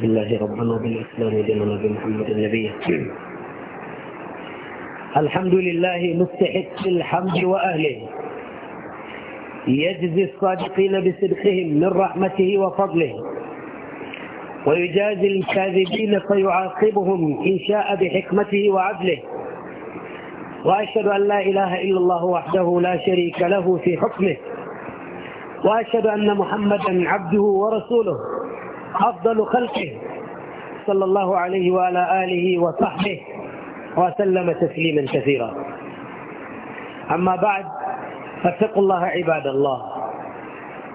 بالله ربنا وبالإسلام دينا محمد النبي الحمد لله مستحق الحمد وأهله يجزي الصادقين بصدقهم من رحمته وفضله ويجازي الكاذبين فيعاقبهم إن شاء بحكمته وعدله وأشهد أن لا إله إلا الله وحده لا شريك له في حكمه وأشهد أن محمدا عبده ورسوله أفضل خلقه صلى الله عليه وعلى آله وصحبه وسلم تسليما كثيرا أما بعد فاتقوا الله عباد الله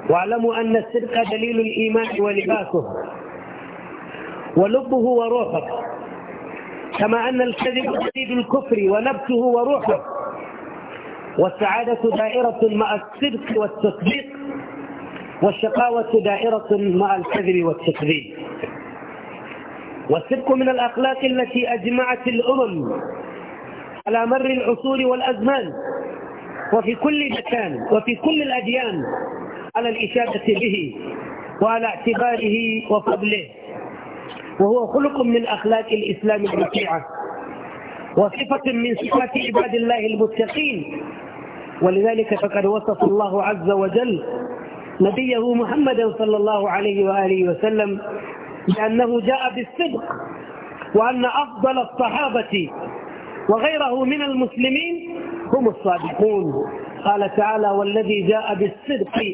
واعلموا أن الصدق دليل الإيمان ولباسه ولبه وروحه كما أن الكذب جديد الكفر ونبته وروحه والسعادة دائرة مع الصدق والتصديق والشقاوة دائرة مع الكذب والتكذيب والصدق من الأخلاق التي أجمعت الأمم على مر العصور والأزمان وفي كل مكان وفي كل الأديان على الإشادة به وعلى اعتباره وفضله وهو خلق من أخلاق الإسلام الرفيعة وصفة من صفات عباد الله المتقين ولذلك فقد وصف الله عز وجل نبيه محمدا صلى الله عليه وآله وسلم لأنه جاء بالصدق وأن أفضل الصحابة وغيره من المسلمين هم الصادقون قال تعالى والذي جاء بالصدق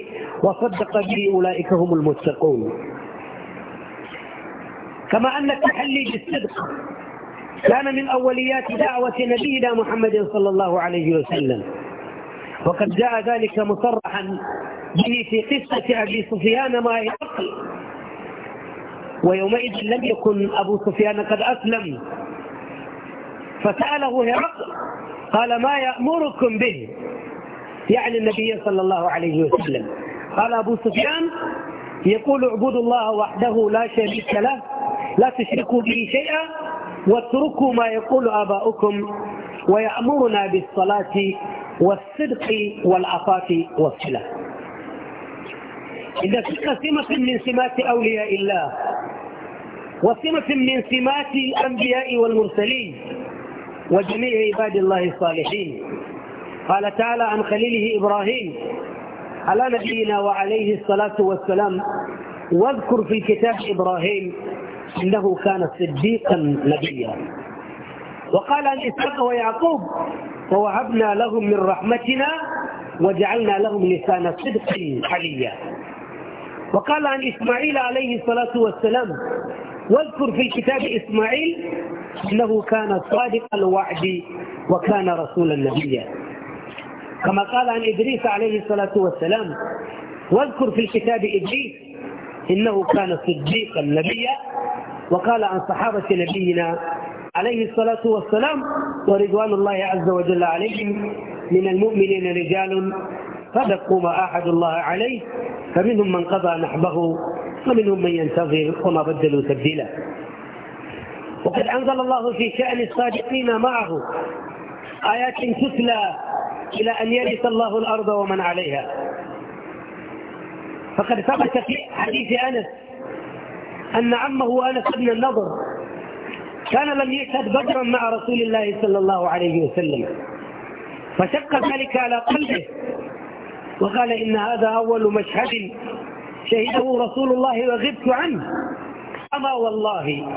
وصدق به أولئك هم المتقون كما أن التحلي بالصدق كان من أوليات دعوة نبينا محمد صلى الله عليه وسلم وقد جاء ذلك مصرحا به في قصة أبي سفيان مع يعقل ويومئذ لم يكن أبو سفيان قد أسلم فسأله هرقل قال ما يأمركم به يعني النبي صلى الله عليه وسلم قال أبو سفيان يقول اعبدوا الله وحده لا شريك له لا تشركوا به شيئا واتركوا ما يقول آباؤكم ويأمرنا بالصلاة والصدق والعفاف والصلة إن كنت سمة من سمات أولياء الله وسمة من سمات الأنبياء والمرسلين وجميع عباد الله الصالحين قال تعالى عن خليله إبراهيم على نبينا وعليه الصلاة والسلام واذكر في كتاب إبراهيم إنه كان صديقا نبيا وقال عن إسحاق ويعقوب ووهبنا لهم من رحمتنا وجعلنا لهم لسان صدق حليا وقال عن إسماعيل عليه الصلاة والسلام واذكر في الكتاب إسماعيل إنه كان صادق الوعد وكان رسولا نبيا كما قال عن إدريس عليه الصلاة والسلام واذكر في الكتاب إدريس إنه كان صديقا نبيا وقال عن صحابة نبينا عليه الصلاة والسلام ورضوان الله عز وجل عليهم من المؤمنين رجال فدقوا ما أحد الله عليه فمنهم من قضى نحبه ومنهم من ينتظر وما بدلوا تبديلا وقد أنزل الله في شأن الصادقين معه آيات تتلى إلى أن يرث الله الأرض ومن عليها فقد ثبت في حديث أنس أن عمه أنس بن النضر كان لم يشهد بدرا مع رسول الله صلى الله عليه وسلم فشق ذلك على قلبه وقال إن هذا أول مشهد شهده رسول الله وغبت عنه أما والله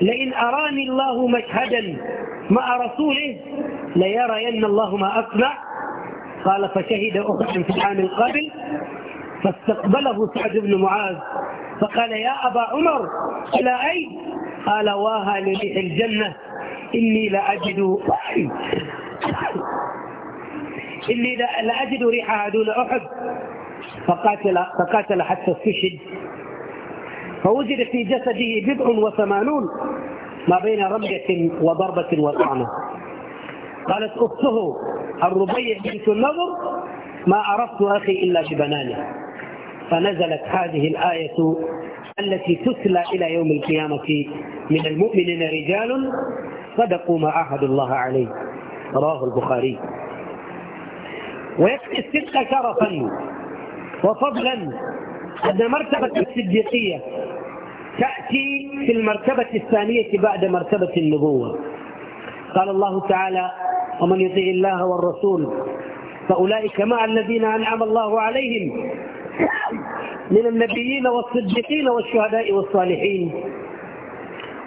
لئن أراني الله مشهدا مع رسوله ليرين الله ما أصنع قال فشهد أحد في العام القابل فاستقبله سعد بن معاذ فقال يا أبا عمر إلى أين قال واها لريح الجنة إني لأجد إني لأجد ريحها دون أحد فقاتل, فقاتل حتى استشهد فوجد في جسده بضع وثمانون ما بين رمية وضربة وطعنة قالت أخته الربيع بنت النضر ما عرفت أخي إلا ببنانه فنزلت هذه الآية التي تتلى إلى يوم القيامة من المؤمنين رجال صدقوا ما عاهدوا الله عليه رواه البخاري ويكفي الصدق شرفا وفضلا أن مرتبة الصديقية تأتي في المرتبة الثانية بعد مرتبة النبوة قال الله تعالى ومن يطيع الله والرسول فأولئك مع الذين أنعم الله عليهم من النبيين والصديقين والشهداء والصالحين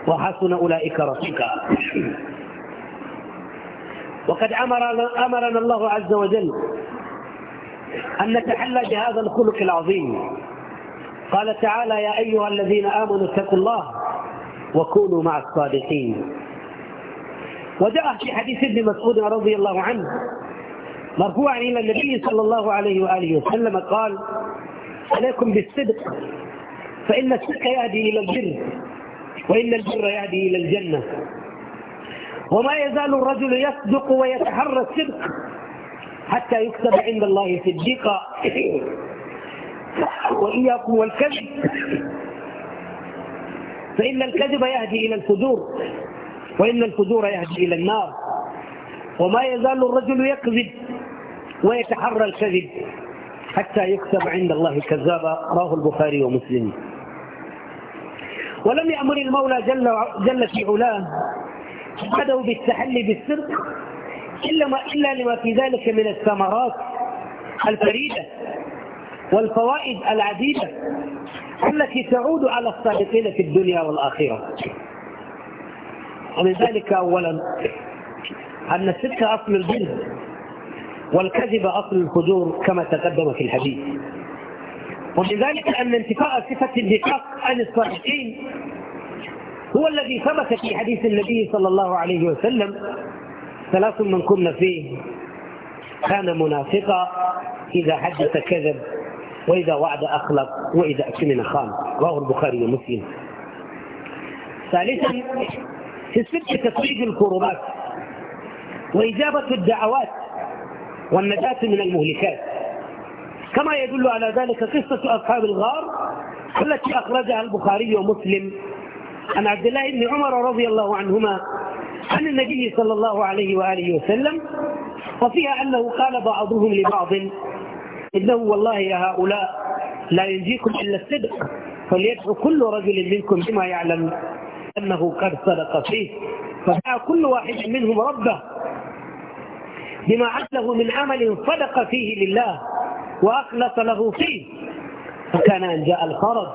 وحسن أولئك رفيقا وقد أمرنا, أمرنا الله عز وجل أن نتحلى بهذا الخلق العظيم قال تعالى يا أيها الذين آمنوا اتقوا الله وكونوا مع الصادقين وجاء في حديث ابن مسعود رضي الله عنه مرفوعا إلى النبي صلى الله عليه وآله وسلم قال عليكم بالصدق فإن الصدق يهدي إلى البر وإن البر يهدي إلى الجنة وما يزال الرجل يصدق ويتحرى الصدق حتى يكتب عند الله صديقا وإياكم والكذب فإن الكذب يهدي إلى الفجور وإن الفجور يهدي إلى النار وما يزال الرجل يكذب ويتحرى الكذب حتى يكتب عند الله كذابا رواه البخاري ومسلم ولم يأمر المولى جل, جل في علاه بعده بالتحلي بالسرق إلا, ما إلا لما في ذلك من الثمرات الفريدة والفوائد العديدة التي تعود على الصادقين في الدنيا والآخرة ومن ذلك أولا أن السرقة أصل الجنة والكذب أصل الفجور كما تقدم في الحديث ولذلك أن انتفاء صفة النفاق عن الصالحين هو الذي ثبت في حديث النبي صلى الله عليه وسلم ثلاث من كن فيه كان منافقا إذا حدث كذب وإذا وعد أخلق وإذا أكمن خان رواه البخاري ومسلم ثالثا في سبب تفريج الكربات وإجابة الدعوات والنجاة من المهلكات كما يدل على ذلك قصة أصحاب الغار التي أخرجها البخاري ومسلم عن عبد الله بن عمر رضي الله عنهما عن النبي صلى الله عليه وآله وسلم وفيها أنه قال بعضهم لبعض إنه والله يا هؤلاء لا ينجيكم إلا الصدق فليدعو كل رجل منكم بما يعلم أنه قد صدق فيه فدعا كل واحد منهم ربه بما عدله من عمل صدق فيه لله وأخلص له فيه فكان أن جاء الخرج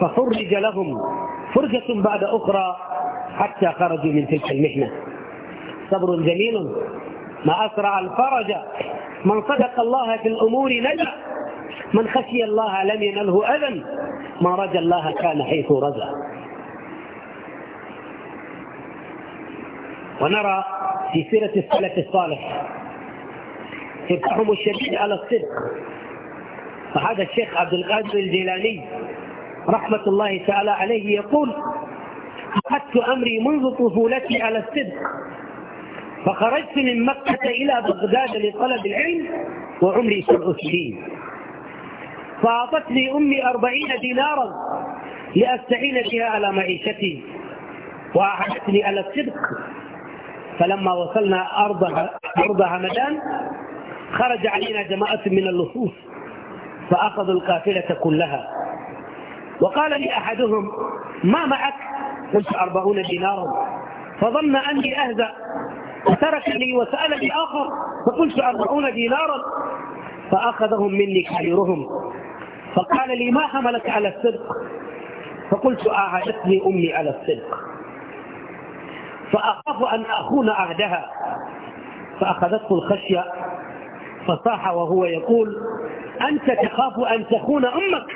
ففرج لهم فرجة بعد أخرى حتى خرجوا من تلك المحنة صبر جميل ما أسرع الفرج من صدق الله في الأمور نجا من خشي الله لم ينله أذى ما رجا الله كان حيث رجا ونرى في سيرة السلف الصالح فرحهم الشديد على الصدق فهذا الشيخ عبد القادر الجيلاني رحمة الله تعالى عليه يقول أخذت أمري منذ طفولتي على الصدق فخرجت من مكة إلى بغداد لطلب العلم وعمري في العشرين فأعطتني أمي أربعين دينارا لأستعين بها على معيشتي وأعانتني على الصدق فلما وصلنا أرض أرض همدان خرج علينا جماعة من اللصوص فأخذوا القافلة كلها وقال لي أحدهم ما معك قلت أربعون دينارا فظن أني أهزأ وتركني وسألني آخر فقلت أربعون دينارا فأخذهم مني كبيرهم فقال لي ما حملك على الصدق فقلت أعادتني أمي على الصدق فأخاف أن أخون عهدها فأخذته الخشية فصاح وهو يقول أنت تخاف أن تخون أمك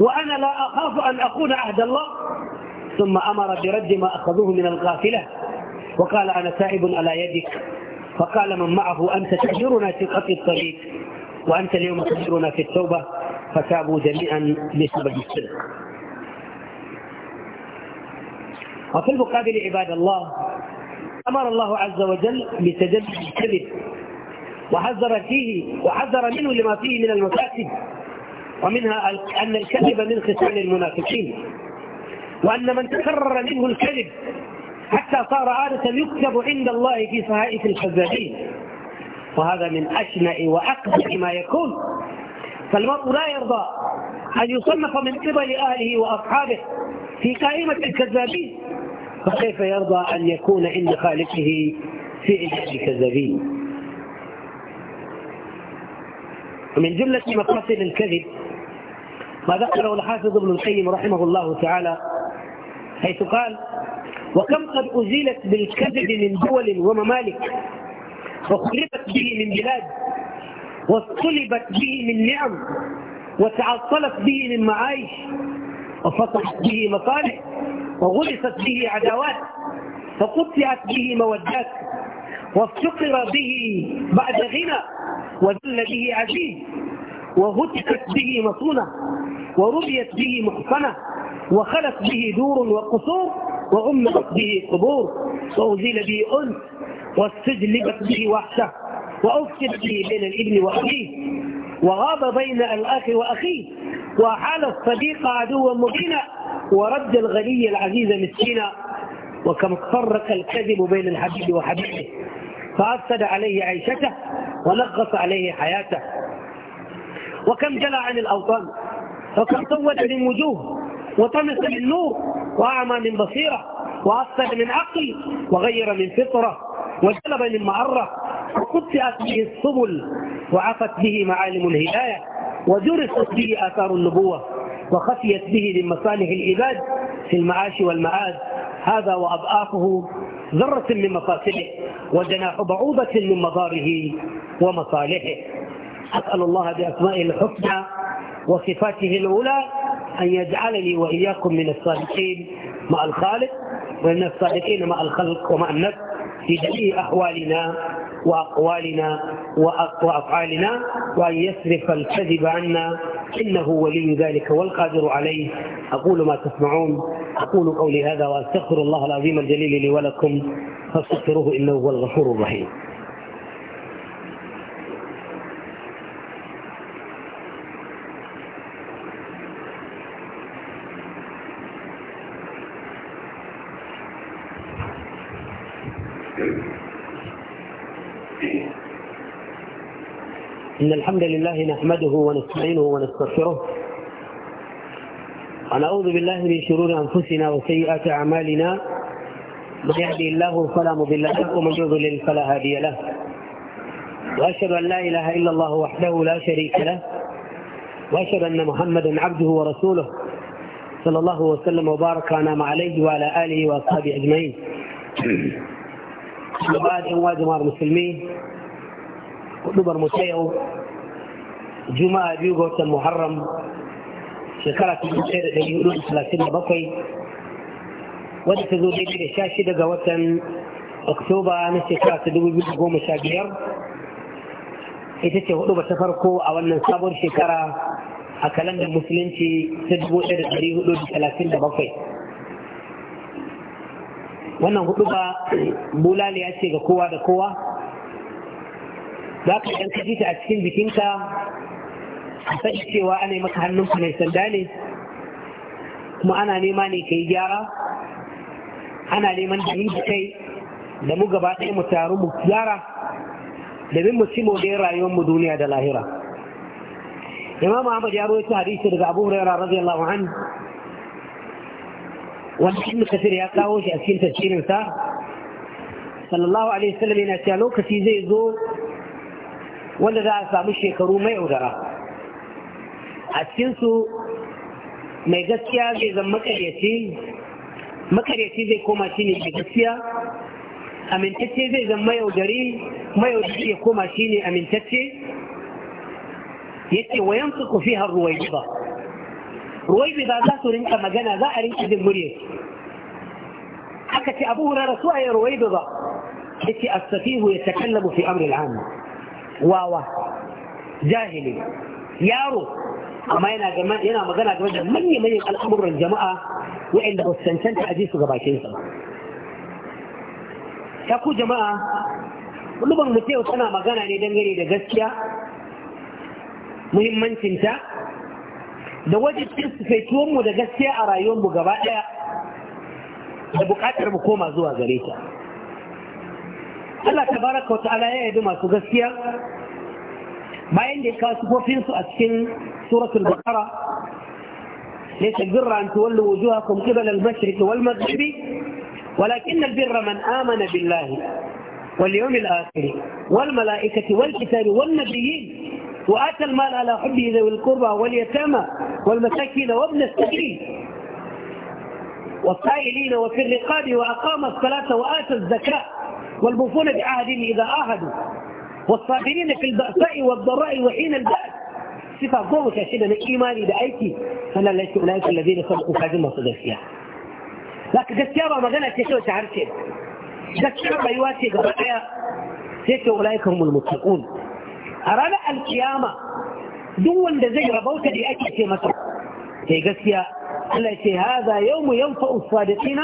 وأنا لا أخاف أن أخون عهد الله ثم أمر برد ما أخذوه من القافلة وقال أنا تائب على يدك فقال من معه أنت تأجرنا في خط الطريق وأنت اليوم تأجرنا في التوبة فتابوا جميعا لسبب السرق وفي المقابل عباد الله أمر الله عز وجل بتجنب الكذب وحذر فيه وحذر منه لما فيه من المفاسد ومنها أن الكذب من خصال المنافقين وأن من تكرر منه الكذب حتى صار عادة يكتب عند الله في صحائف الكذابين وهذا من أشنع وأقبح ما يكون فالمرء لا يرضى أن يصنف من قبل أهله وأصحابه في قائمة الكذابين فكيف يرضى أن يكون عند خالقه في فعل كذبي ومن جملة مقاصد الكذب ما ذكره الحافظ ابن القيم رحمه الله تعالى حيث قال وكم قد أزيلت بالكذب من دول وممالك وخلبت به من بلاد واصطلبت به من نعم وتعطلت به من معايش وفتحت به مصالح وغلصت به عداوات فقطعت به مودات وافتقر به بعد غنى وذل به عزيز وهتكت به مصونة وربيت به محصنة وخلت به دور وقصور وغمرت به قبور وأزيل به أنس واستجلبت به وحشة وأفسد به بين الابن واخيه وغاب بين الأخ وأخيه وحال الصديق عدوا مبينا ورد الغني العزيز مسكينا وكم فرق الكذب بين الحبيب وحبيبه فأفسد عليه عيشته ونغص عليه حياته وكم جلى عن الأوطان وكم سود من وجوه وطمس من نور وأعمى من بصيرة وأفسد من عقل وغير من فطرة وجلب من معرة وقطعت به السبل وعفت به معالم الهداية وجرست به آثار النبوة وخفيت به لمصالح العباد في المعاش والمعاد هذا وأضعافه ذرة من مفاسده وجناح بعوضة من مضاره ومصالحه أسأل الله بأسمائه الحسنى وصفاته الأولى أن يجعلني وإياكم من الصادقين مع الخالق ومن الصادقين مع الخلق ومع النفس في جميع أحوالنا وأقوالنا وأفعالنا وأن يصرف الكذب عنا إنه ولي ذلك والقادر عليه أقول ما تسمعون أقول قولي هذا وأستغفر الله العظيم الجليل لي ولكم فاستغفروه إنه هو الغفور الرحيم إن الحمد لله نحمده ونستعينه ونستغفره ونعوذ بالله من شرور أنفسنا وسيئات أعمالنا من يهدي الله فلا مضل له ومن يضلل فلا هادي له وأشهد أن لا إله إلا الله وحده لا شريك له وأشهد أن محمدا عبده ورسوله صلى الله وسلم وبارك ونعم عليه وعلى آله وأصحابه أجمعين. وبعد أمواج المسلمين hudubar mu ta yau juma'a biyu ga watan muharram shekara ta dubu da ɗari hudu da talatin da bakwai wadda ta zo daidai da sha shida ga watan oktoba na shekara ta dubu biyu da goma sha biyar ita ce hudu ba ta farko a wannan sabon shekara a kalandar musulunci ta dubu ɗaya da ɗari hudu da talatin da bakwai wannan hudu ba bulaliya ce ga kowa da kowa za ka ɗan kaji ta a cikin bikinka. a san cewa ana yi maka hannunka mai sanda ne kuma ana nema ne ka yi gyara ana neman da yi kai da mu gaba ɗaya mu taru mu gyara domin mu ci mu da rayuwar mu duniya da lahira imam ahmad ya rawaito hadisi daga abu hurairah radiyallahu anhu wanda ibn kasir ya kawo shi a cikin tafsirin sa sallallahu alaihi wasallam yana cewa lokaci zai zo wanda za a samu shekaru mai udara a cikinsu mai gaskiya zai zan makaryaci makaryaci zai koma shi ne mai gaskiya amintacce zai zan mai udari mai udari ya koma shi ne amintacce yake wayan su ku fi har ruwai ba ruwai ba za su rinka magana za a rinka jin murya aka ce abu hurara su a yi ruwai ba yake astafihu ya takallabu fi amri al'amma wawa jahili yaro amma yana magana game da manyan manyan al'amuran jama'a waɗanda ba su cancanta a ji su bakin sa ta ku jama'a kullum mu yau tana magana ne dangane da gaskiya muhimmancinta da wajen mu da gaskiya a rayuwarmu gaba ɗaya da buƙatar mu koma zuwa gare ta الله تبارك وتعالى ta'ala ya yabi masu gaskiya bayan da ya سورة sufofin ليس البر أن تولوا وجوهكم قبل tagirra والمغرب ولكن البر من آمن بالله واليوم الآخر والملائكة والكتاب والنبيين وآتى المال على حبه ذوي القربى واليتامى والمساكين وابن السبيل والسائلين وفي الرقاب وأقام الصلاة وآتى الزكاة والموفون بعهدهم إذا عاهدوا والصابرين في البأساء والضراء وحين البأس صفة قوة شاشدة للإيمان إذا أيتي فلا ليس أولئك الذين صدقوا فاجمة صدقية لكن جسيابة ما قالت يشوى تعرشي جسيابة يواتي يا شيخ أولئك هم المتقون أرانا القيامة دول ده زي ربوتة أيتي في مصر يا جسيا التي هذا يوم ينفع الصادقين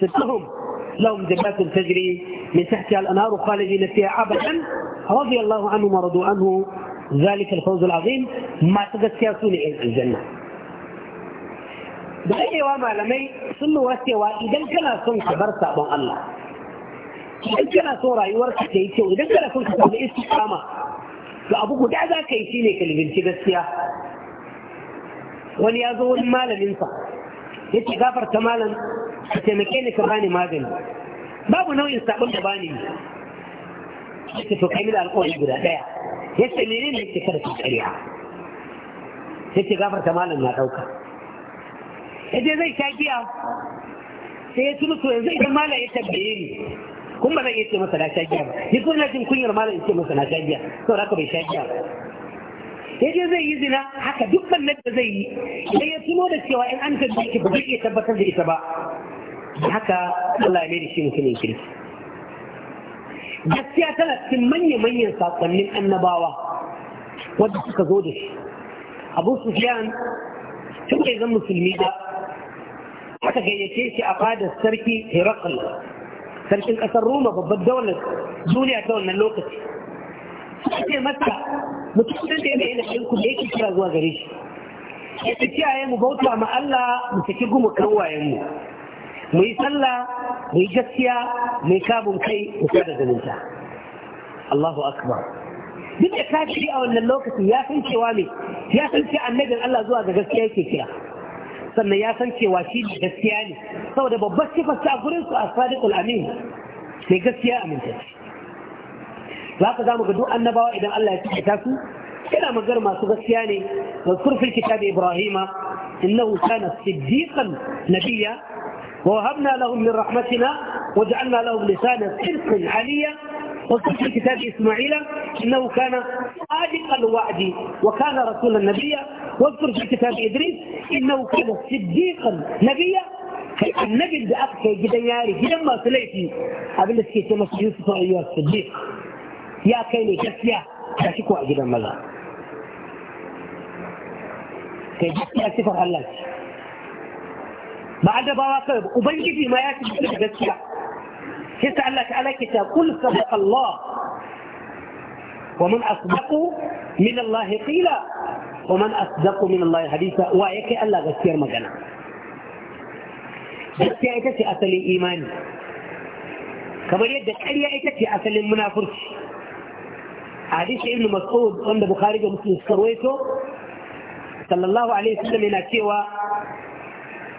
صدقهم لهم جنات تجري من تحتها الانهار خالدين فيها ابدا رضي الله عنه ورضوا عنه ذلك الفوز العظيم ما تقدر تياسون إيه؟ الجنه بأي وما لمي سن وسوى إذا كان سن خبرت أبو الله إذا كان سن رأي ورسة كيتو إذا كان سن خبرت الإسلام فأبوك دع ذا كيتيني كالبنت بسيا وليازو المال الإنسان يتي غافر تماما ka taimake ni ka bani magani babu nau'in sabon da bani ne yake to kai da alƙawari guda ɗaya yace menene ne yake kada ki ƙarya yace gafarta malam na ɗauka yace zai sha giya sai ya tuno to yanzu idan malam ya tabbaye ni kun ba zan iya ce masa na sha giya ba ni ko ina jin kunyar malam ya ce masa na sha giya saboda haka bai sha giya ba sai zai yi zina haka duk nan da zai yi sai ya tuno da cewa in an tabbace ba zai iya tabbatar da ita ba haka Allah ya da shi mutumin kirki gaskiya tana cikin manya-manyan saƙonnin annabawa wadda suka zo da shi abu sufyan tun bai zan musulmi ba aka gayyace shi a fadar sarki herakl sarkin ƙasar roma babbar daular duniya ta wannan lokaci suka ce masa mutum da ya yana ɗinku da yake kira zuwa gare shi ya tafiya ya mu bauta ma Allah mu saki gumu kan wayen mu mu yi sallah mu yi gaskiya mu yi kamun kai mu sada zumunta Allahu akbar duk da kafiri a wannan lokaci ya san cewa ne ya san cewa annabin Allah zuwa ga gaskiya yake kira sannan ya san cewa shi ne gaskiya ne saboda babbar sifar ta gurin su as-sadiqul amin ne gaskiya amintacce za ka zamu ga duk annabawa idan Allah ya tsaya su yana magar masu gaskiya ne wa surfil kitab ibrahima innahu kana siddiqan nabiyya ووهبنا لهم من رحمتنا وجعلنا لهم لسانا صدق عليا وقلت في كتاب اسماعيل انه كان صادق الوعد وكان رسولا نبيا واذكر في كتاب ادريس انه كان صديقا نبيا النبي بأبكى جدياري جدا ما سليتي قبل سكي تمس يوسف ايها الصديق يا كيني كسيا شكوى جدا ملا كيف تكفر هلاش بعد بواقع أبنجدي ما يأتي في الجسية يسأل لك على كتاب قل صدق الله ومن أصدق من الله قيل ومن أصدق من الله حديثا وعيك ألا غسير مجانا جسية إتسي أصل الإيمان كما يدد أي إتسي أصل المنافر حديث ابن مسعود عند بخاري ومسلم صلى الله عليه وسلم هنا سوى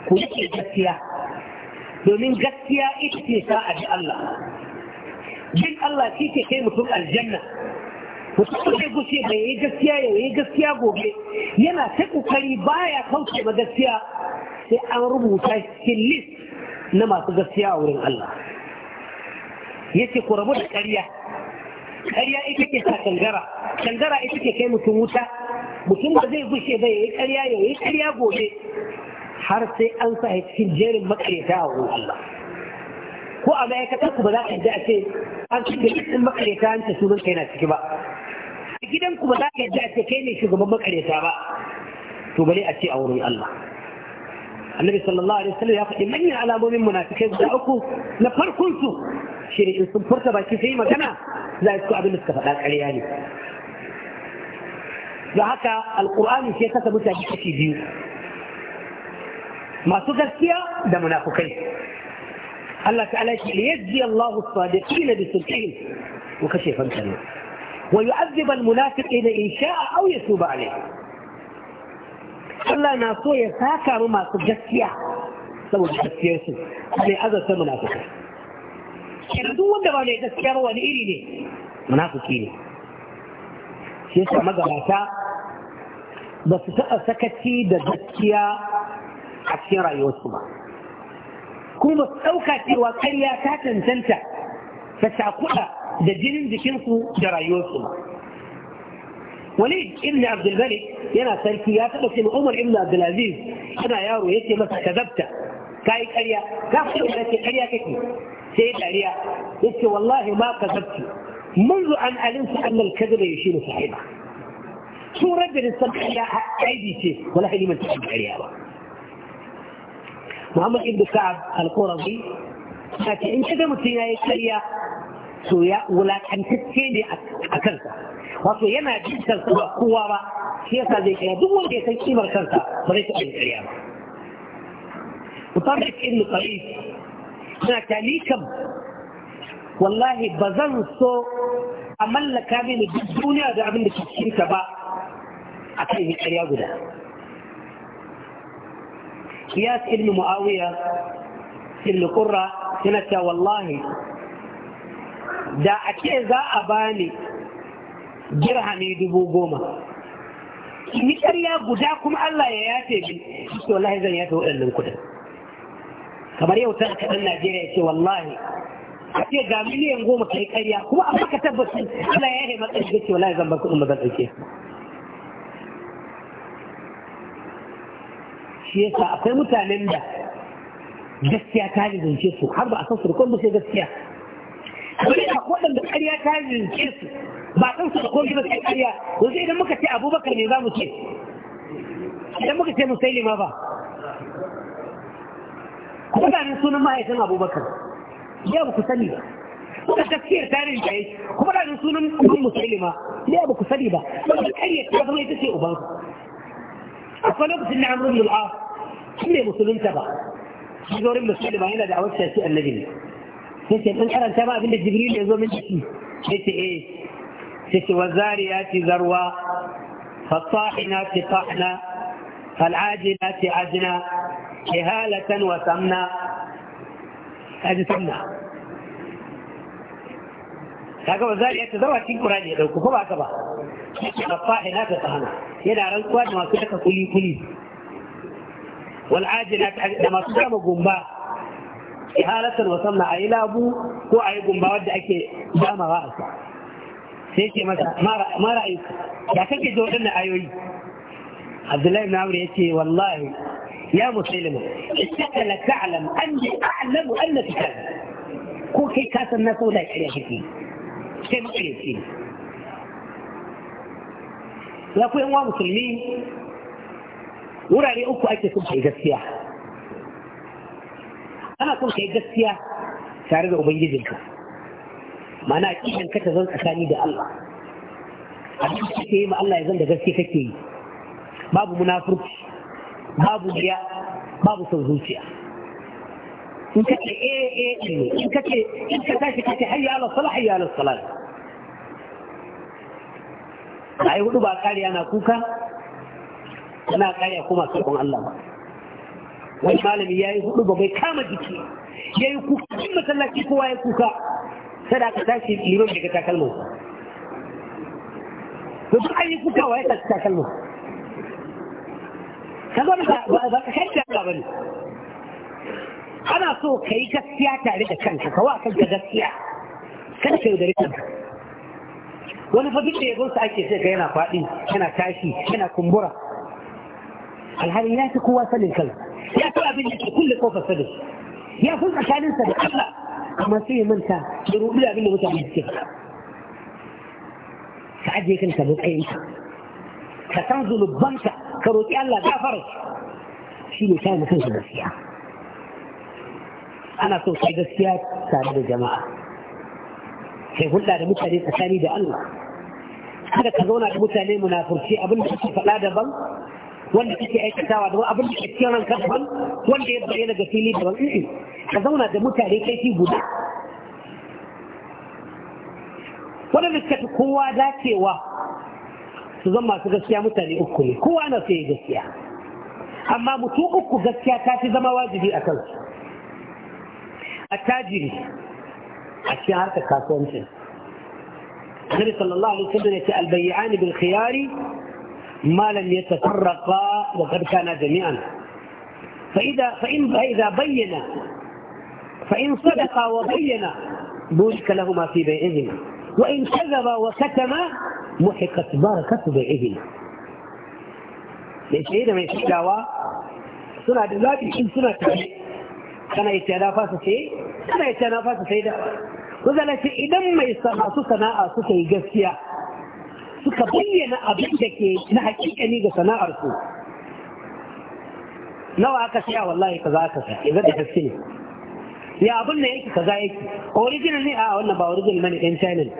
ku yi gaskiya domin gaskiya ita ce sa a ji Allah jin Allah shi ke kai mutum aljanna mutum zai gushe ya yi gaskiya ya yi gaskiya gobe yana ta kokari baya kauce ba gaskiya sai an rubuta shi list na masu gaskiya a wurin Allah ce ku rabu da ƙarya ƙarya ita ke sa kangara kangara ita ke kai mutum wuta mutum ba zai gushe bai yi ƙarya ya yi ƙarya gobe har sai an sa ya cikin jerin makareta a wurin Allah ko a ma'aikatar ku ba za ka yadda a ce an cikin listin makareta an ce sunan kai na ciki ba a gidan ku ba za ka yadda a ce kai ne shugaban makareta ba to bale a ce a wurin Allah annabi sallallahu alaihi wasallam ya faɗi manyan alamomin munafikai guda uku na farkon su shine in sun furta baki sai magana za su abin da suka faɗa ƙarya ne da haka alƙur'ani sai kasa mutane kashi biyu ما تغسيا ده منافقين الله تعالى ليجزي الله الصادقين بصدقهم وكشف امتنوا ويعذب المنافقين ان شاء او يتوب عليه الله ناصو يساكا مما تغسيا سوى تغسيا سوى هذا سوى يردو سوى ما سوى تغسيا سوى منافقين سوى مغلاتا سوى سكتي دغسيا a cikin rayuwarsu ba kuma ɗauka cewa ƙarya ta cancanta ta cakuɗa da jinin jikinsu da rayuwarsu ba وليد ابن عبد الملك ينا سلكي يا تبقى عمر ابن عبد العزيز أنا يا يكي ما كذبت كاي كريا كافر لك كريا كتي سيد كريا يكي والله ما كذبت منذ أن علمت أن الكذب يشيل صاحبه سورة السمح لا أيدي شيء ولا حد من تحب كريا محمد ابن كعب القرظي أنت إن كده متنايا كليا سويا ولا أن تتكيني أكلتا وصو يما جيد كلتا وكوارا سياسة دي كليا دول دي سيسي مركلتا فريتو أن كليا وطبعا ابن قريب أنا تاليكم والله بزنسو أمل لكابين الدنيا دعمل لكي تشيكا با أكيني كليا kiyas ilmi muawiya ibn qurra yana cewa da a za a bani girhami dubu goma ni ƙarya guda kuma Allah ya yace bi to wallahi zan yafe waɗannan kuɗin kamar yau ta kaɗan Najeriya ce wallahi a ce ga miliyan goma kai ƙarya kuma amma ka tabbacin Allah ya yafe matsayin ce zan bar kuɗin ba zan shi yasa akwai mutanen da gaskiya ta rizance su har ba a san su da kwan sai gaskiya wani a waɗanda ƙarya ta rizance su ba a san su da kwan ba sai ƙarya yanzu idan muka ce abubakar ne za mu ce idan muka ce ma ba kuma kudanin sunan mahaifin abubakar ya ba ku sani ba kuma gaskiyar tarin da yake kuma da sunan uban musulma ne ba ku sani ba kuma karyar ta zama ita ce uban أقول لك إن عمرو بن العاص كل المسلمين تبع يزور المسلم هنا دعوة سياسية النجم أنت من حرم تبع من جبريل يزور من جسمي أنت إيه أنت وزاريات ذروة فالطاحنات طحنا فالعاجلات عجنا إهالة وسمنا هذه سمنا هذا وزاريات ذروة تنكر هذه لو كفوا هكذا فالطاحنات طحنا yana rantsuwa da masu daka kuli-kuli wal'ajina da masu kama gumba ihalatar wasanna a yi labu ko a yi gumba wadda ake dama ba a sai ke masa mara aiki da kake ji waɗannan ayoyi abdullahi na wuri ya ce wallahi ya musulman ita da musulma istaka la ta'lam anni a'lamu annaka ko kai kasan na sau da ya kare shi sai mu ya ku yan musulmi wurare uku ake son kai gaskiya ana son kai gaskiya tare da ubangijinka mana kidan ka ta zan tsakani da Allah abin da kake yi ma Allah ya zan da gaske kake yi babu munafurci babu riya babu son zuciya in kace eh, eh eh in kace in ka tashi kace hayya ala salah hayya ala salah ba ai hudu ba kariya na kuka tana kariya kuma sakon Allah ba wani malami ya yi hudu ba bai kama jiki ya yi kuka cikin masallaci kowa ya kuka sai da aka tashi liman daga takalmin to duk an yi kuka wa ya tashi takalmin ka zo ba ka shaida Allah ba ne ana so ka yi gaskiya tare da kanka ka wa kanka gaskiya kanka ka yaudare kanka wani fa duk da yabon ake sai ga yana faɗi yana tashi yana kumbura alhalin ya fi kowa sanin kala. ya fi abin da ke kulle kofar sanin ya fi tsakaninsa da Allah amma sai ya manta da rubu da abin da mutane suke ka ajiye kan ka matsayin ka ka san zulubanka ka roƙi Allah gafara shi ne kayan kanka gaskiya ana so kai gaskiya tare da jama'a kai hulɗa da mutane tsakani da Allah kada ka zauna da mutane munafurci abin da kake faɗa daban wanda kake aikatawa daban abin da kake cikin ranka daban wanda ya bayyana ga fili daban ka zauna da mutane kai fi guda da suka fi kowa dacewa su zama masu gaskiya mutane uku ne kowa na sai gaskiya amma mutum uku gaskiya ta fi zama wajibi a kansu tajiri, حتى هذا كاسون شيء النبي صلى الله عليه وسلم يسأل البيعان بالخيار ما لم يتفرقا وقد كانا جميعا فإذا فإن فإذا بين فإن صدقا وبين بوشك لهما في بيعهما وإن كذبا وكتما محقت بركة بيعهما ليش إذا من الشكاوى سنة دلوقتي إن سنة كان يتنافس فيه كان يتنافس فيه na ce idan mai masu sana'a suka yi gaskiya suka bayyana abin da ke na hakikani ga sana'arsu nawa aka siya wallahi za ka siya idan da gaske ne ya abin da yake kaza yake original ne a wannan ba original bane ɗan china ne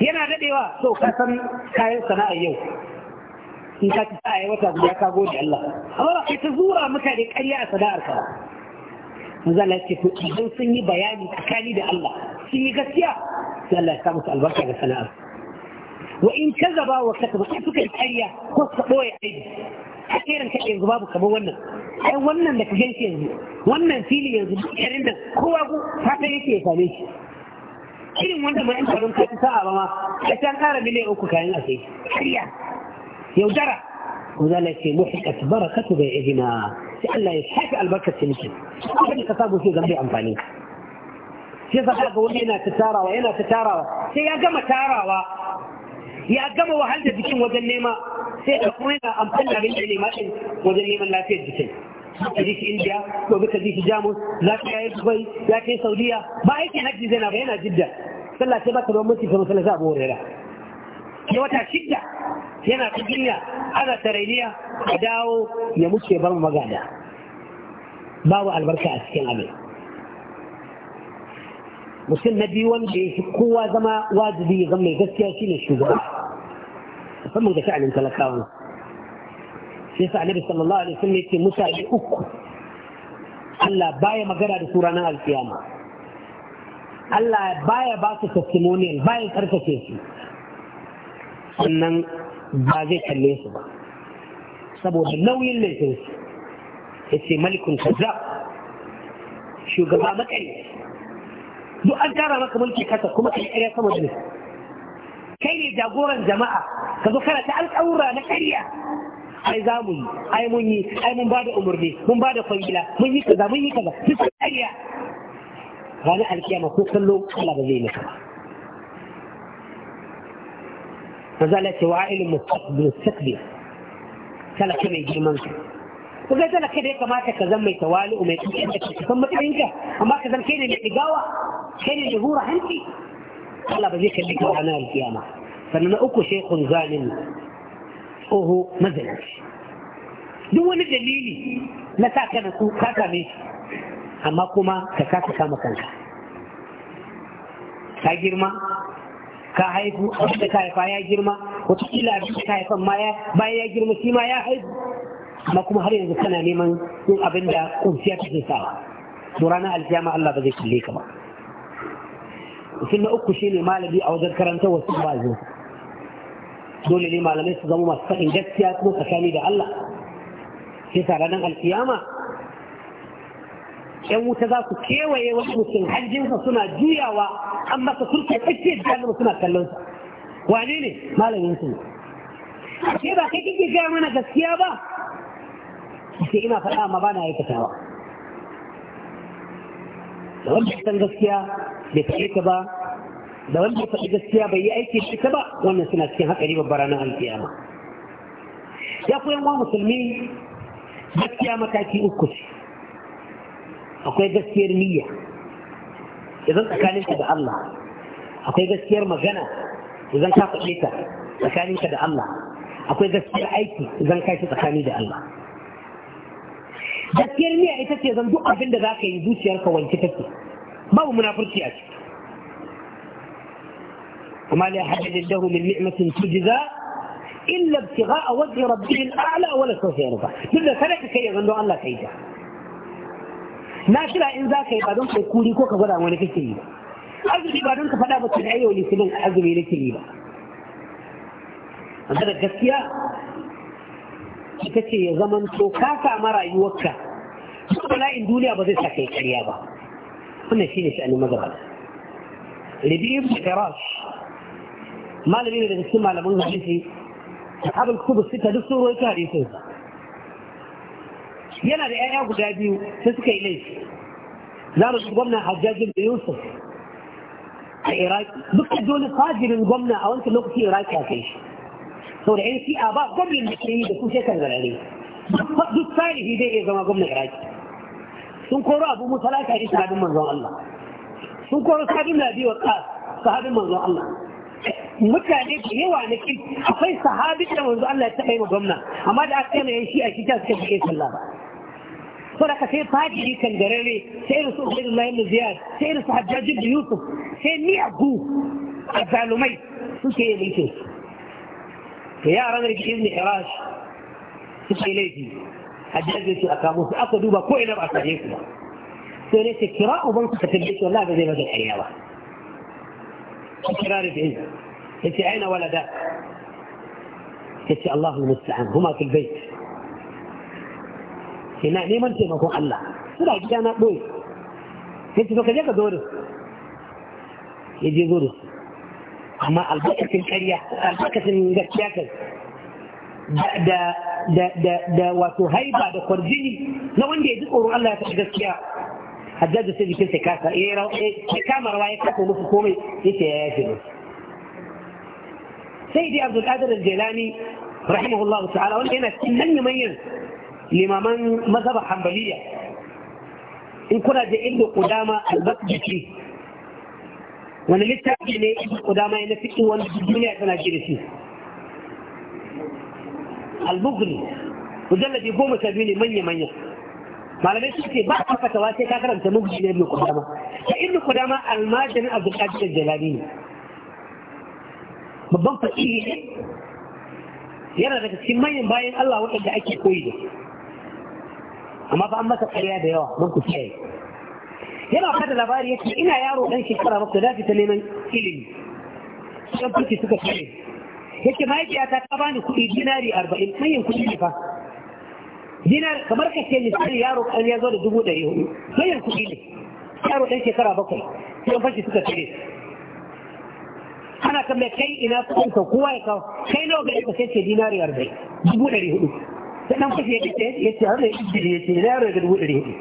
yana dadewa so ka san kayan sana'ar yau in ka ci sa'a wata guda ka gode Allah amma ba kai ta zura mutane ƙarya a sana'ar ka zala ce to idan sun yi bayani tsakani da Allah sun yi gaskiya sai Allah ya sa musu albarka da sana'a wa in kazaba wa kataba sai suka yi ƙarya ko suka ɓoye aiki a irin ka yanzu babu kamar wannan ai wannan da ka gan yanzu wannan fili yanzu duk irin da kowa ku fata yake ya same shi irin wanda mai in taron kafin sa'a ba ma sai ta ƙara miliyan uku kayan a sai ƙarya yaudara ko zala ce muhikat barakatu bai izina sai Allah ya shafi albarkar ciniki kuma da ka samu sai zan bai amfani sai za ga wani yana ta tarawa yana ta tarawa sai ya gama tarawa ya gama wahal da jikin wajen nema sai da kuma yana amfani da abin da nema din wajen neman lafiyar jikin ka ji shi indiya gobe ka ji shi jamus za ka yi dubai ya kai saudiya ba aiki hajji zai na ba yana jidda sallah sai ba ka ruwan mutu kamar sallah za a bore ya wata shidda yana ta ana tarainiya a dawo ya mutu ya bar magada babu albarka a cikin abin mutum na biyu wanda ya fi kowa zama wajibi ya zama mai gaskiya shine shugaba musamman ga sha'anin talakawa sai sa annabi sallallahu alaihi wasallam yake musa bi uku Allah baya magana da su ranar alkiyama Allah baya ba su testimonial baya karkace su sannan ba zai kalle su ba saboda nauyin laifinsu ya ce malikun kaza shugaba makari duk an tara maka mulki kasa kuma kai ƙarya sama da kai ne jagoran jama'a ka zo kana ta alƙawura na kariya. ai za mu yi ai mun yi ai mun ba da umarni mun ba da kwangila mun yi kaza mun yi kaza duk kariya. ranar alkiyama ko kallo Allah ba zai maka ba manzala ce wa ilin mustaqbil talaka mai girman su ku ga talaka da ya kamata ka zan mai tawali mai tsakiyar da ka san matsayinka amma ka zan kai mai digawa kai mai hura hanci Allah ba zai ka ranar alkiyama sannan na uku shekun zalim tsoho mazalaci duk wani dalili na sa ka nasu ka kame shi amma kuma ka kasa kama kanka ka girma ka haihu abin da ka haifa ya girma wataƙila abin da ka haifan ya bayan ya girma shi ma ya haihu amma kuma har yanzu kana neman yin abin da ƙunciya take sa to ranar alkiyama Allah ba zai kalle ka ba sun na uku shine malami a wajen karanta wasu bazo dole ne malamai su zama masu faɗin gaskiya kuma tsakani da Allah sai sa ranar alkiyama yan wuta za su kewaye wani mutum hajjinsa suna juyawa an masa turke da jahannama suna kallon sa wane ne malamin su ke ba kai kike gaya mana gaskiya ba sai ina faɗa amma ba na aikatawa da wanda ya san gaskiya bai faɗi ta ba da wanda ya faɗi gaskiya bai yi aiki da ita ba wannan suna cikin haƙari babbar ranar alkiyama ya koyan wa musulmi gaskiya mataki uku ce akwai gaskiyar niyya idan tsakaninka da Allah akwai gaskiyar magana idan ka faɗe ta tsakaninka da Allah akwai gaskiyar aiki idan ka shi tsakani da Allah gaskiyar niyya ita ce zan duk abin da za ka yi zuciyarka wanke take babu munafurci a ciki kuma la min ni'matin tujza illa نعمة wajhi إلا a'la wala sawfa yarda ولا سوف يرضى. كذا zan don Allah kai ta Na nafila in za ka yi ba don kai kuri ko ka gwada wani kake yi azumi ba don ka faɗa ba tun ayyau litinin azumi na kiri ba amma da gaskiya ita ce ya zaman to ka sama rayuwarka duk bala'in duniya ba zai sa kai karya ba wannan shine sha'anin magabata rabi ibn qirash malami ne daga cikin malaman hadisi abin kubus suka duk sun rawaito hadisinsa yana da 'ya'ya guda biyu sai suka yi laifi za mu gwamnan hajjajin da yusuf a iraki dukkan dole fajirin gwamna a wancan lokaci iraki a kai shi sau da yan shi'a ba gwamnan da ke yi da su shekan zarare duk salihi dai iya zama gwamnan iraki sun koro abu mutala ta yi sahabin manzon Allah sun koro sahabin da biyu ka sahabin manzon Allah mutane da yawa na kin akwai sahabin da manzon Allah ya taɓa yi ma gwamna amma da aka yi na yan shi'a shi ta suka fi sallah ba هناك سيد دي كان قرري سيرو سوق عبد الله ابن زياد سيد صاحب بن يوسف سير مي أبوه مي شو سيد ليتي يا رجل يجيبني حراش شو سيد ليتي حجاج بن اقاموس أكو دوبا كوينة بأساجيكم سيد الكراء وبنك تتبعيك والله بزي بزي الحياة كرار بعيد انت أين ولدك؟ انت الله المستعان هما في البيت ina neman taimakon Allah suna gida na ɓoye sai ci ka je ka zo da ya je zo da amma albarkacin ƙarya albarkacin gaskiya kai da da da da da wato haiba da kwarjini na wanda ya ji tsoron Allah ya faɗi gaskiya hajjaji sai jikin sai kasa ya kama rawa ya kafa musu komai ya ce ya yafe musu sai dai abdul qadir al-jilani rahimahullahu ta'ala wanda yana cikin manyan limaman mazhaba hanbaliya in kuna da inda kudama albasjiki wani littafi ne inda kudama ya nafi wani duniya tana ji da shi al-mughni mujalladi goma sha biyu ne manya-manya malamai su ce ba a fatawa sai ka karanta mughni na ibnu kudama ta ibnu kudama almajirin abdulkadir jalali ne babban fasihi ne yana daga cikin manyan bayan Allah waɗanda ake koyi da amma ba an masa ƙarya da yawa don ku kiyaye yana fada labari yake ina yaro ɗan shekara bakwai za ki ta neman ilimi ɗan fuki suka kare yake mahaifiyata ta bani kuɗi dinari arba'in manyan kuɗi ne fa dinar kamar ka ce misali yaro ɗan ya zo da dubu ɗari hudu manyan kuɗi ne yaro ɗan shekara bakwai ɗan fuki suka kare ana kan mai kai ina kuɗin ka kowa ya kawo kai nawa ga ɗan ka ce dinari arba'in dubu ɗari hudu sai dan kuke ya ce har da ibiri ya ce na yaro ga dubu ɗari hudu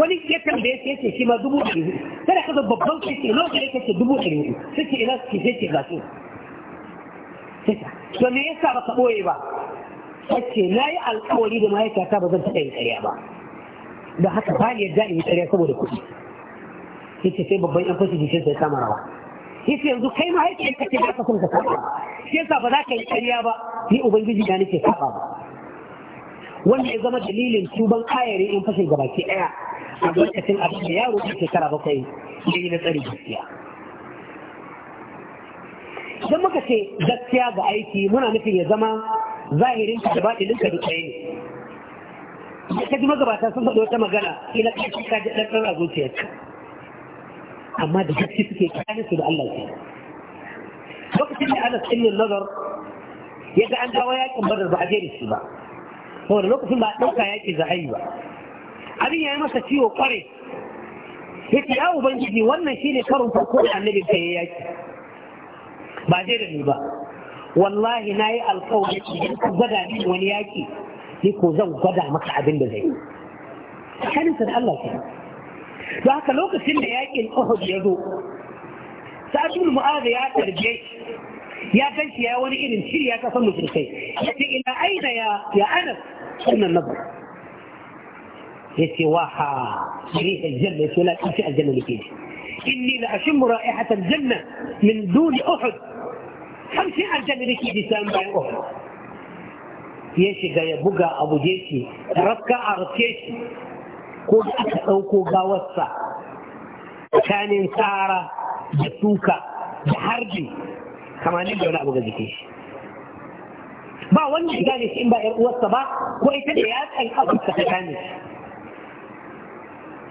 wani ya tambaye ya ce shi ma dubu ɗari hudu sai da kaza babban kai ce lokacin ya ce dubu ɗari hudu sai ce ina su ce ce ga su to me yasa ba ka ɓoye ba ce na yi alkawari da ma'aikata ba zan taɓa yin ƙarya ba da haka ba ni yadda in yi ƙarya saboda kuɗi yace sai babban ƴan fashi jikin sai kama rawa yace yanzu kai ma yake ce ba ka son ka sai shi yasa ba za ka yi ƙarya ba ni ubangiji da nake saba ba wanda ya zama dalilin tuban kayare in fashin gabaki ɗaya a lokacin abin da yaro ke shekara bakwai yayi na tsari gaskiya idan muka ce gaskiya ga aiki muna nufin ya zama zahirin ka da baɗinin ka duk ɗaya ne ka ji magabata sun faɗi wata magana ila ka ji ɗan ɗan a zuciyarka أما ده كيف كانت الله كان وقت اللي أنا سئل النظر يجب أن دوايات مبرر بعدين السباة هو الوقت في المعنى نوكا يأتي زعيبا علي يا مسا فيه قري يتي أو بنجدي وانا شيني قرم فالقرع النبي كيياتي بعدين النباة والله ناي القوم بدا من ونياتي يكو زو بدا مقعبين بذين كانت الله كانت da haka lokacin da yakin Uhud ya zo Sa'adul Mu'adh ya tarje ya ganci ya wani irin shirya ta san mushrikai yace ina aina ya ya Anas sunan nabar yace wa ha shiri aljanna yace la kace aljanna ne kiji inni la ashmu ra'ihat aljanna min dun Uhud hamshi aljanna ne kiji san bayan Uhud ya shiga ya buga abu je shi rafka a rafke shi ko da aka ɗauko gawarsa tsakanin tsara da suka da harbi kamar da wani abu ga jikin shi ba wanda ya gane shi in ba ‘yar uwarsa ba ko ita da ya tsan kafarsa ta gane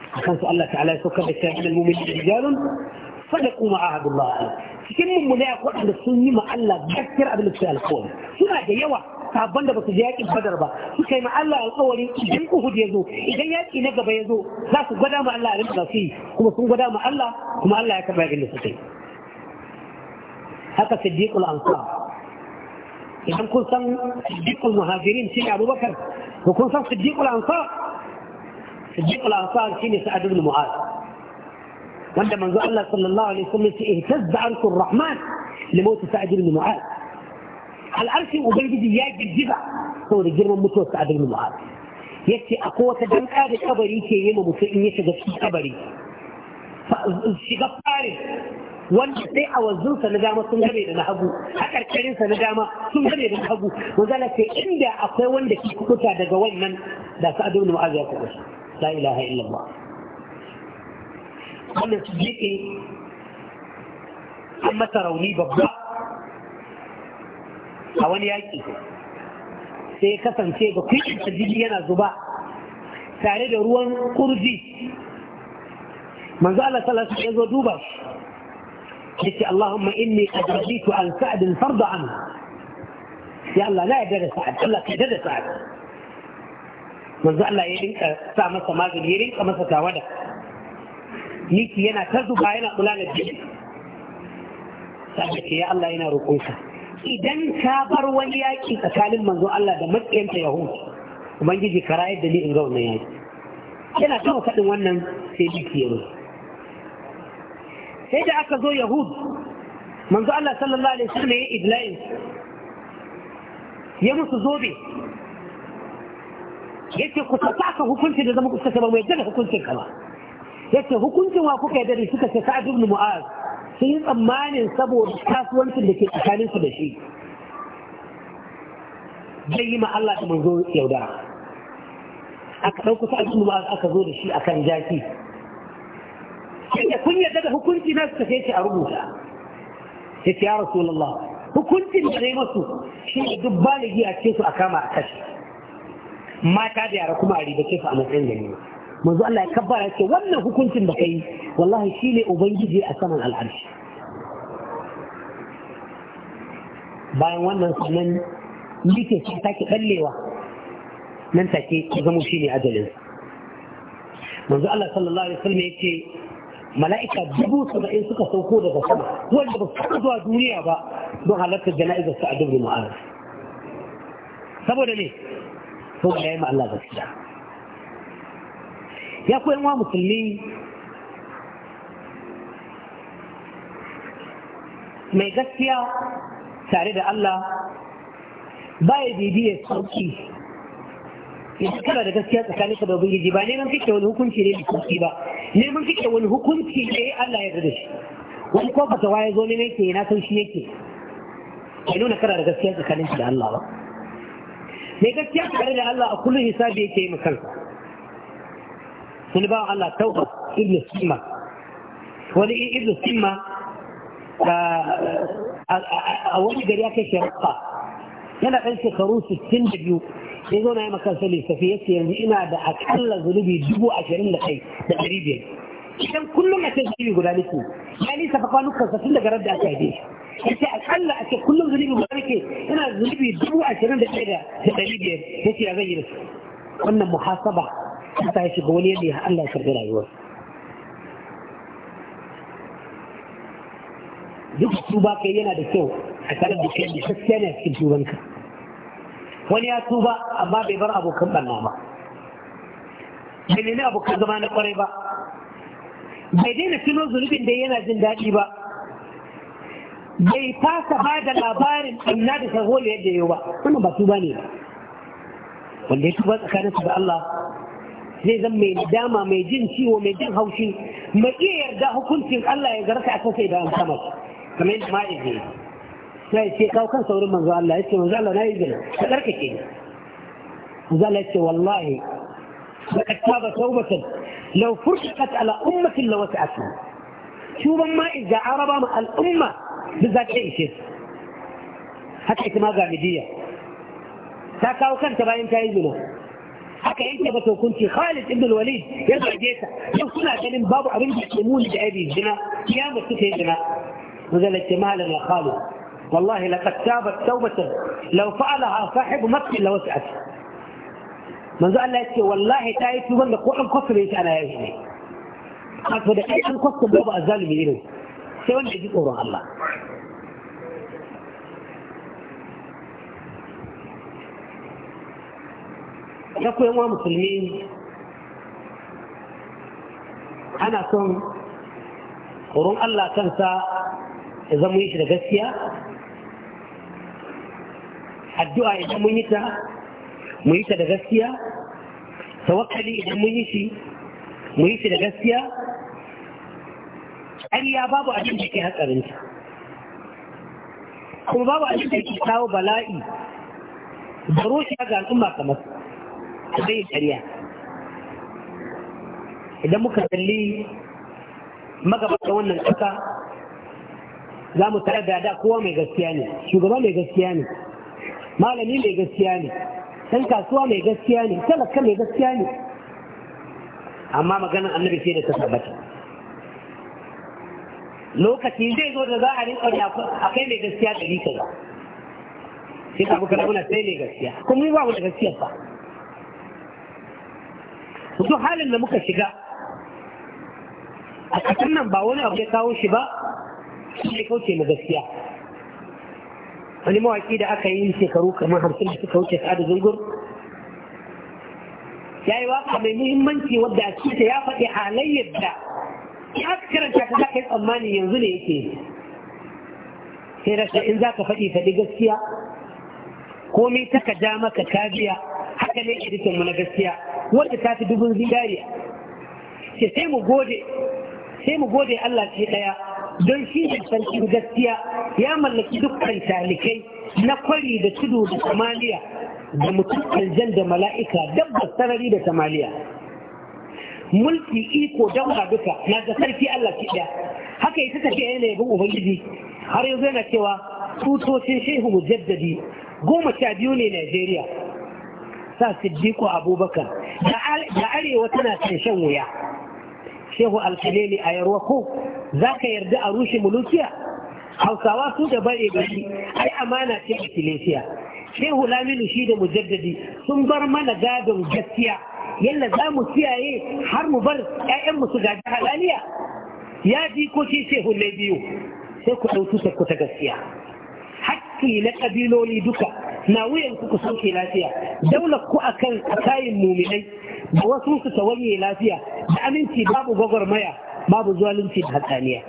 shi akan su Allah ta'ala ya saukar da shi a ilal mumin da rijalun صدقوا معاهد الله كم من ملاك واحد السنة مع الله ذكر قبل السؤال قول سنة جيوة تعبان دبا تجاك البدر با سكي مع الله الأول جن أهد يزو إذا يأتي نقب يزو لا تقدا مع الله لم تغسي كما تقدا مع الله كما الله يكبع جنة سكي هكا صديق الأنصار إذا كنت صديق المهاجرين سنة أبو بكر وكنت صديق الأنصار صديق الأنصار سنة سعد بن معاذ وانت من قال الله صلى الله عليه وسلم اهتز عرش الرحمن لموت سعد بن معاذ على العرش وبيدي دي ياجي الجبع صور الجرم موت سعد بن معاذ يكي اقوى جمع هذا الكبري كي يما مسئن يشغل في الكبري فالشغل طارق والبيع والزن سنجامة سنجامي لنهبو حتى الكريم سنجامة سنجامي لنهبو وقال لك إندا أقوى وندك كتا دقوان من دا سعد بن معاذ يقول لا إله إلا الله قال لك ايه اما تروني ببا انا ايكي سي كسن سي بكي تجيجي انا زبا تاري دروان قرزي من قال الله صلى الله عليه وسلم اللهم اني قد رضيت عن سعد الفرض عنه يا الله لا يدري سعد الا كدري سعد من قال الله يرينك سامسة ماجل يرينك مسا تاودك miki yana ta zuba yana kula da jini sabbi ya Allah yana roƙonka idan ka bar wani yaki tsakanin manzo Allah da matsayinta kuma ubangiji kara yadda ni in ga wannan yaki yana ta faɗin wannan sai miki yaro sai da aka zo Yahud manzo Allah sallallahu alaihi wasallam ya idla'in ya musu zobe yake ku tsaka hukunci da zama ku tsaka ba mai daga hukuncin ka ba yace hukuncin wa kuka yadda suka ce sa'ad ibn mu'az sun yi tsammanin saboda kasuwancin da ke tsakanin su da shi zai yi ma Allah da manzo yaudara aka ɗauko sa'ad ibn mu'az aka zo da shi akan jaki sai kun yadda da hukunci na suka ce a rubuta yace ya rasulullah hukuncin da zai masu shi ne duk baligi a ce su a kama a kashe mata da yara kuma a ribace su a matsayin ganima manzo Allah ya kabbara ya ce wannan hukuncin da kai wallahi shine ubangiji a saman al'arshi bayan wannan sanan yake ta take ballewa nan take ya zama shine ajalin manzo Allah sallallahu alaihi wasallam yace mala'ika dubu saba'in suka sauko daga sama wanda ba su zuwa duniya ba don halartar jana'izar su a dubu ma'ana saboda ne saboda ya yi ma Allah gaskiya ya koyan wa musulmi mai gaskiya tare da Allah baya bibiyar sauki yanzu kana da gaskiya tsakanin ka da ubangiji ba neman kike wani hukunci ne sauki ba neman kike wani hukunci ne Allah ya da shi wani kofa ta waye zo ne ke, yana san shi yake bai nuna kara da gaskiya tsakanin ka da Allah ba mai gaskiya tare da Allah a kullum hisabi yake yi kansa wani ba Allah tauba ibn Sima, wani ibn Sima a wani gari ya kai shi yana ɗan shekaru 62 ya zo na yi makansa lissafi ya ce yanzu ina da akalla zunubi dubu ashirin da kai da ɗari biyar idan kullum a ce zunubi guda nufi, ya nisa fa kwanukan sa tun daga ran da aka haife shi ya ce akalla a ce kullum zunubi guda nake ina zunubi dubu ashirin da ɗaya da ɗari biyar ya ce ya zan yi wannan muhasaba Ka sa ba wani yadda ya Allah ya karbi rayuwar duk tuba kai yana da kyau a tare da kai da gaskiya ne cikin tubanka wani ya tuba amma bai bar abokan banna ba bai nemi abokan zama na kwarai ba bai daina tuno zunubin da yana jin daɗi ba bai fasa ba da labarin ɓanna da saholiya da yau ba wannan ba tuba ne ba wanda ya tuba tsakaninsu da Allah zai zan mai dama mai jin ciwo mai jin haushi mai iya yarda hukuncin Allah ya garka a kansa idan an kama shi kamar yadda ma izini sai ce kawo kan saurin manzo Allah ya ce manzo Allah na izini ka tsarkake ni manzo Allah ya ce wallahi لقد تاب توبة لو فرشقت على أمة لوسعتها شو ما إذا عرب الأمة بالذات أي شيء حتى ما قاعدية ta kawo kanta bayan ta yi zina حكى انت بس لو كنت خالد ابن الوليد يضع جيسة شوف كل عشان بابا عبين يسلمون لأبي الزنا كيامة كيف الزنا وذل اجتمالا يا خالد والله لقد تابت توبة لو فعلها صاحب مكة لوسعت من قال لك والله تايت من قوة القصر ليس أنا يجني قال فدقيت القصر بابا الظالم يجني سيوان يجيب الله ya koyan wa musulmi ana son horon Allah kansa ya zama yi shi da gaskiya addu'a idan mun yi ta mu yi ta da gaskiya tawakkali idan mun yi shi mu yi shi da gaskiya ƙarya babu abin da ke ta kuma babu abin da ke kawo bala'i da rushe ga al'umma kamar A zai ƙarya idan muka kalli magabata wannan ƙasa za mu tare da da kowa mai gaskiya ne shugaba mai gaskiya ne malami mai gaskiya ne ɗan kasuwa mai gaskiya ne talaka mai gaskiya ne amma maganar annabi sai da ta tabbata lokaci zai zo da za a rinka a kai mai gaskiya da rika sai ka buka muna sai mai gaskiya kuma yi ba mu da gaskiya ba duk halin da muka shiga a ƙasar nan ba wani abu ya kawo shi ba sai kauce mu gaskiya wani mawaƙi da aka yi shekaru kamar hamsin da suka wuce sa'adu zungur ya yi waka mai muhimmanci wadda a cikinta ya faɗi halayyar da ya karanta ta zaka yi tsammani yanzu ne yake sai rashin in za ka faɗi faɗi gaskiya komai ta ka ja maka kabiya haka ne editan mu na gaskiya wadda ta fi dubin zinariya ce sai mu gode sai mu gode Allah ce daya don shi ne sarkin gaskiya ya mallaki dukkan talikai na kwari da tudu da samaniya da mutum aljan da mala'ika dabbar sarari da samaniya mulki iko don duka na ga sarki Allah ce daya haka ita tafiya yana yabon ubangiji har yanzu yana cewa tutocin shehu mujaddadi goma sha biyu ne Najeriya sa Siddiko abubakar da arewa tana can shan wuya shehu alkaleli a yarwako za ka yarda a rushe mulukiya hausawa su da bare gari ai amana ce a silesiya shehu laminu shi da mujaddadi sun bar mana gadon gaskiya yadda za mu kiyaye har mu bar 'ya'yanmu su gaji halaliya ya ji ko shi shehu na biyu sai ku ɗauki ta gaskiya haƙƙi na ƙabiloli duka na wuyan ku sauke lafiya daular ku akan kayan muminai da wasu su tawaye lafiya da aminci babu gwagwarmaya babu zalunci da hatsaniya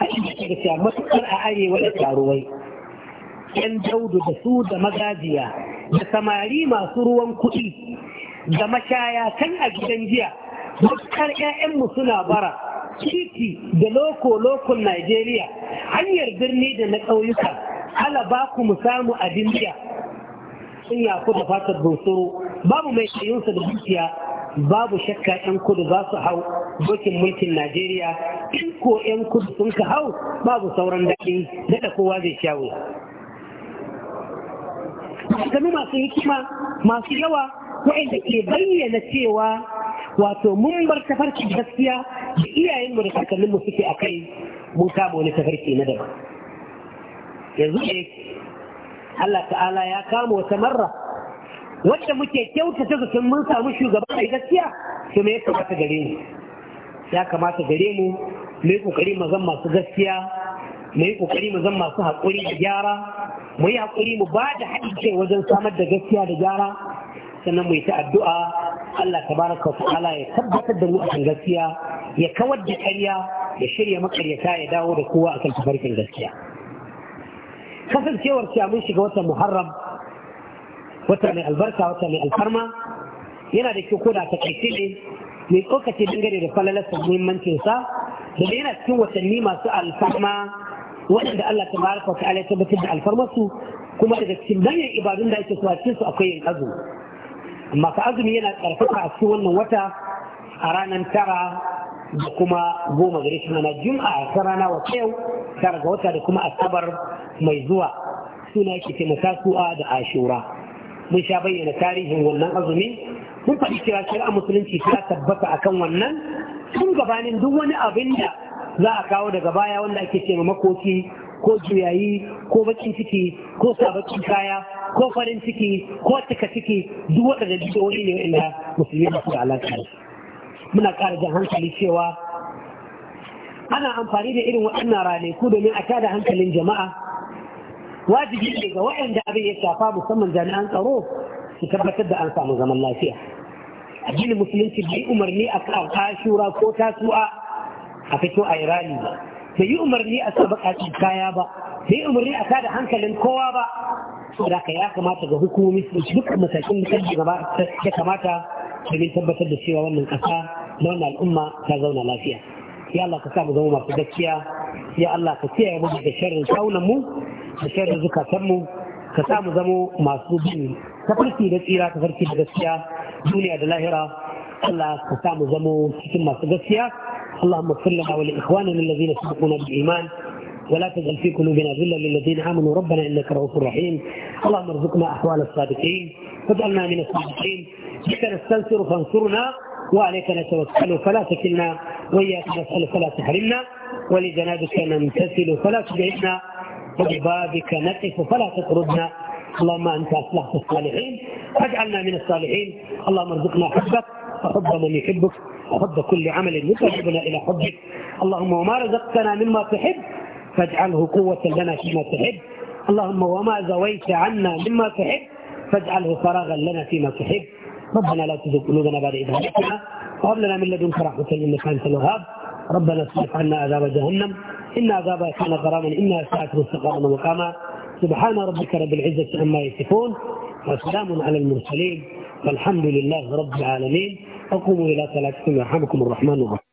haƙiƙa da matuƙar a arewa da taruwai yan daudu da su da magajiya da samari masu ruwan kuɗi da mashaya kan a gidan jiya matuƙar 'ya'yanmu suna bara titi da loko-lokon Najeriya hanyar birni da na ƙauyuka ala ba ku mu samu abin biya sun ya ku da fatar bunsuru babu mai tsayinsa da dukiya babu shakka yan kudu za su hau dokin mulkin najeriya in ko yan kudu sun ka hau babu sauran daɗi daɗa kowa zai sha wuya masu hikima masu yawa waɗanda ke bayyana cewa wato mun bar tafarki gaskiya da iyayenmu da kakanninmu suke a kai mun kama wani tafarki na daban yanzu ne Allah ta'ala ya kama wata marra wacce muke kyautata zaton mun samu shugaba mai gaskiya Su me ya kamata gare mu ya kamata gare mu mu yi kokari mu zan masu gaskiya mu yi kokari mu zan masu haƙuri da gyara mu yi haƙuri mu ba da haɗin kai wajen samar da gaskiya da gyara sannan mu yi ta addu'a Allah tabaraka wa ta'ala ya tabbatar da mu akan gaskiya ya kawar da ƙarya ya shirya makaryata ya dawo da kowa akan tafarkin gaskiya kasancewar cewa mun shiga watan muharram wata mai albarka wata mai alfarma yana da kyau koda takaice ne mai tsokace dangane da falalarsa muhimmancinsa da yana cikin watanni masu alfarma waɗanda Allah ta baraka wa ta'ala ya tabbatar da alfarmarsu kuma daga cikin manyan ibadun da ake so a su akwai yin azumi amma ka azumi yana karfafa a cikin wannan wata a ranar tara da kuma goma gare shi mana juma'a ta rana wa yau tara ga wata da kuma asabar mai zuwa suna yake taimaka masasu'a da ashura mun sha bayyana tarihin wannan azumi mun faɗi kira shi a musulunci ta tabbata a kan wannan tun gabanin duk wani abin da za a kawo daga baya wanda ake ce makoki ko juyayi ko bakin ciki ko sabakin kaya ko farin ciki ko cika ciki duk waɗanda duk wani ne inda musulmi ba su da alaƙa muna ƙara jan hankali cewa ana amfani da irin waɗannan ranaku domin a tada hankalin jama'a wajibi ne ga waɗanda abin ya shafa musamman jami'an tsaro su tabbatar da an samu zaman lafiya addinin musulunci bai umarni a kan kashura ko tasu'a a fito a irani ba bai yi umarni a sa baƙaƙen kaya ba bai yi umarni a tada hankalin kowa ba saboda ka ya kamata ga hukumomi su duka matakin da kamata domin tabbatar da cewa wannan ƙasa da wannan al'umma ta zauna lafiya ya Allah ka mu zama masu gaskiya ya Allah ka kiyaye mu daga sharrin kaunan mu da sharrin zukatan mu ka mu zama masu bin tafarki da tsira tafarki da gaskiya duniya da lahira Allah ka mu zama cikin masu gaskiya اللهم اغفر لنا ولاخواننا kuna سبقونا iman. ولا تجعل في قلوبنا غلا للذين امنوا ربنا انك رؤوف رحيم اللهم ارزقنا احوال الصادقين واجعلنا من الصادقين بك نستنصر فانصرنا وعليك نتوكل فلا تكلنا واياك نسال فلا تحرمنا ولجنابك نمتثل فلا تبعدنا وببابك نقف فلا تطردنا اللهم انت اصلحت الصالحين فاجعلنا من الصالحين اللهم ارزقنا حبك وحب من يحبك وحب كل عمل يقربنا الى حبك اللهم وما رزقتنا مما تحب فاجعله قوة لنا فيما تحب اللهم وما زويت عنا مما تحب فاجعله فراغا لنا فيما تحب ربنا لا تزغ قلوبنا بعد إذ هديتنا وهب لنا من لدنك رحمة إنك أنت الوهاب ربنا اصرف عنا عذاب جهنم إن عذابها كان غراما إنها ساعات مستقرا ومقاما سبحان ربك رب العزة عما يصفون وسلام على المرسلين والحمد لله رب العالمين وقوموا إلى صلاتكم يرحمكم الرحمن الرحيم